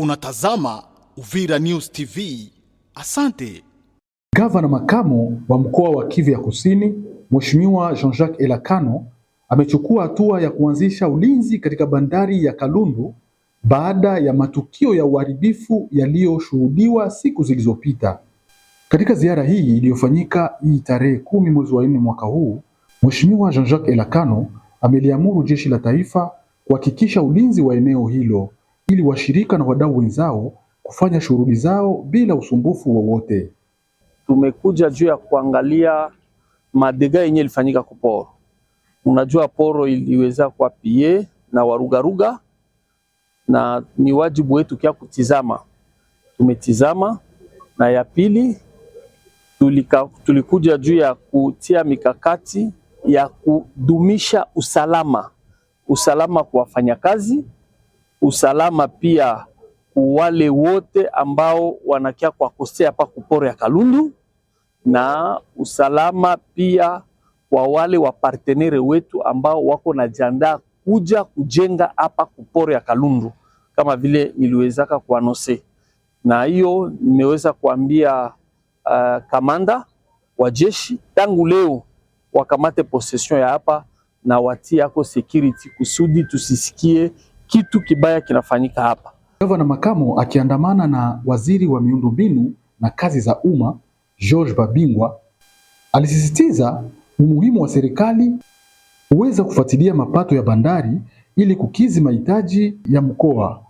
Unatazama Uvira News TV. Asante. Gavana makamu wa mkoa wa Kivu ya Kusini, Mheshimiwa Jean-Jacques Elakano amechukua hatua ya kuanzisha ulinzi katika bandari ya Kalundu baada ya matukio ya uharibifu yaliyoshuhudiwa siku zilizopita. Katika ziara hii iliyofanyika hii tarehe kumi mwezi wa nne mwaka huu, Mheshimiwa Jean-Jacques Elakano ameliamuru jeshi la taifa kuhakikisha ulinzi wa eneo hilo ili washirika na wadau wenzao kufanya shughuli zao bila usumbufu wowote. Tumekuja juu ya kuangalia madega yenye ilifanyika kuporo. Unajua, poro iliweza kwa pie na warugaruga, na ni wajibu wetu kia kutizama. Tumetizama, na ya pili tulika, tulikuja juu ya kutia mikakati ya kudumisha usalama, usalama kwa wafanyakazi usalama pia wale wote ambao wanakia kwa kosea pa kupore ya Kalundu na usalama pia kwa wale wapartenere wetu ambao wako na jiandaa kuja kujenga hapa kupore ya Kalundu kama vile niliwezaka kuanose, na hiyo nimeweza kuambia uh, kamanda wa jeshi tangu leo wakamate possession ya hapa na watie yako security kusudi tusisikie kitu kibaya kinafanyika hapa. Gavana makamu akiandamana na waziri wa miundombinu na kazi za umma George Babingwa alisisitiza umuhimu wa serikali huweza kufuatilia mapato ya bandari ili kukizi mahitaji ya mkoa,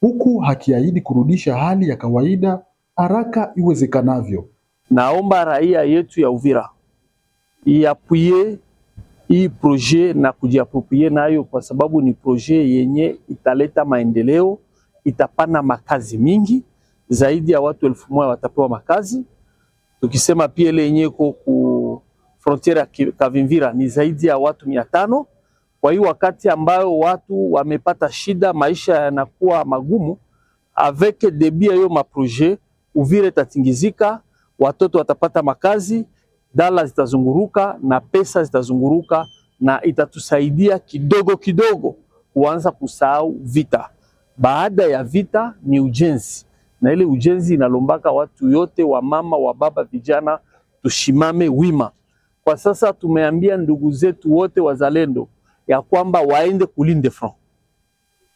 huku hakiahidi kurudisha hali ya kawaida haraka iwezekanavyo. Naomba raia yetu ya Uvira yapwie hii proje na kujiaproprie nayo, kwa sababu ni proje yenye italeta maendeleo, itapana makazi mingi zaidi ya watu elfu moja watapewa makazi. Tukisema pia ile yenye iko ku frontiere ya Kavimvira ni zaidi ya watu mia tano. Kwa hiyo wakati ambayo watu wamepata shida, maisha yanakuwa magumu, avec debia hiyo maproje Uvira itatingizika, watoto watapata makazi dala zitazunguruka na pesa zitazunguruka, na itatusaidia kidogo kidogo kuanza kusahau vita. Baada ya vita ni ujenzi, na ile ujenzi inalombaka watu yote, wa mama wa baba vijana, tushimame wima. Kwa sasa tumeambia ndugu zetu wote wazalendo ya kwamba waende kulinde front,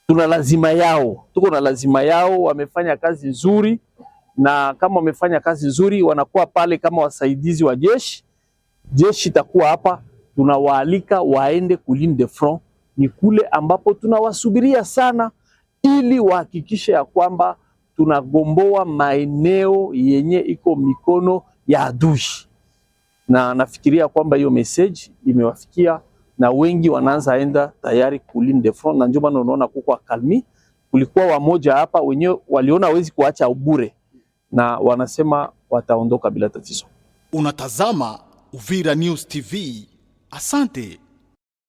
tuna lazima yao, tuko na lazima yao, wamefanya kazi nzuri na kama wamefanya kazi nzuri wanakuwa pale kama wasaidizi wa jeshi. Jeshi itakuwa hapa, tunawaalika waende kuline de front, ni kule ambapo tunawasubiria sana, ili wahakikishe ya kwamba tunagomboa maeneo yenye iko mikono ya adui, na nafikiria kwamba hiyo message imewafikia na wengi wanaanza enda tayari kuline de front, na ndio maana unaona kuko kalmi. Kulikuwa wamoja hapa wenyewe waliona hawezi kuacha bure na wanasema wataondoka bila tatizo. Unatazama Uvira News TV. Asante.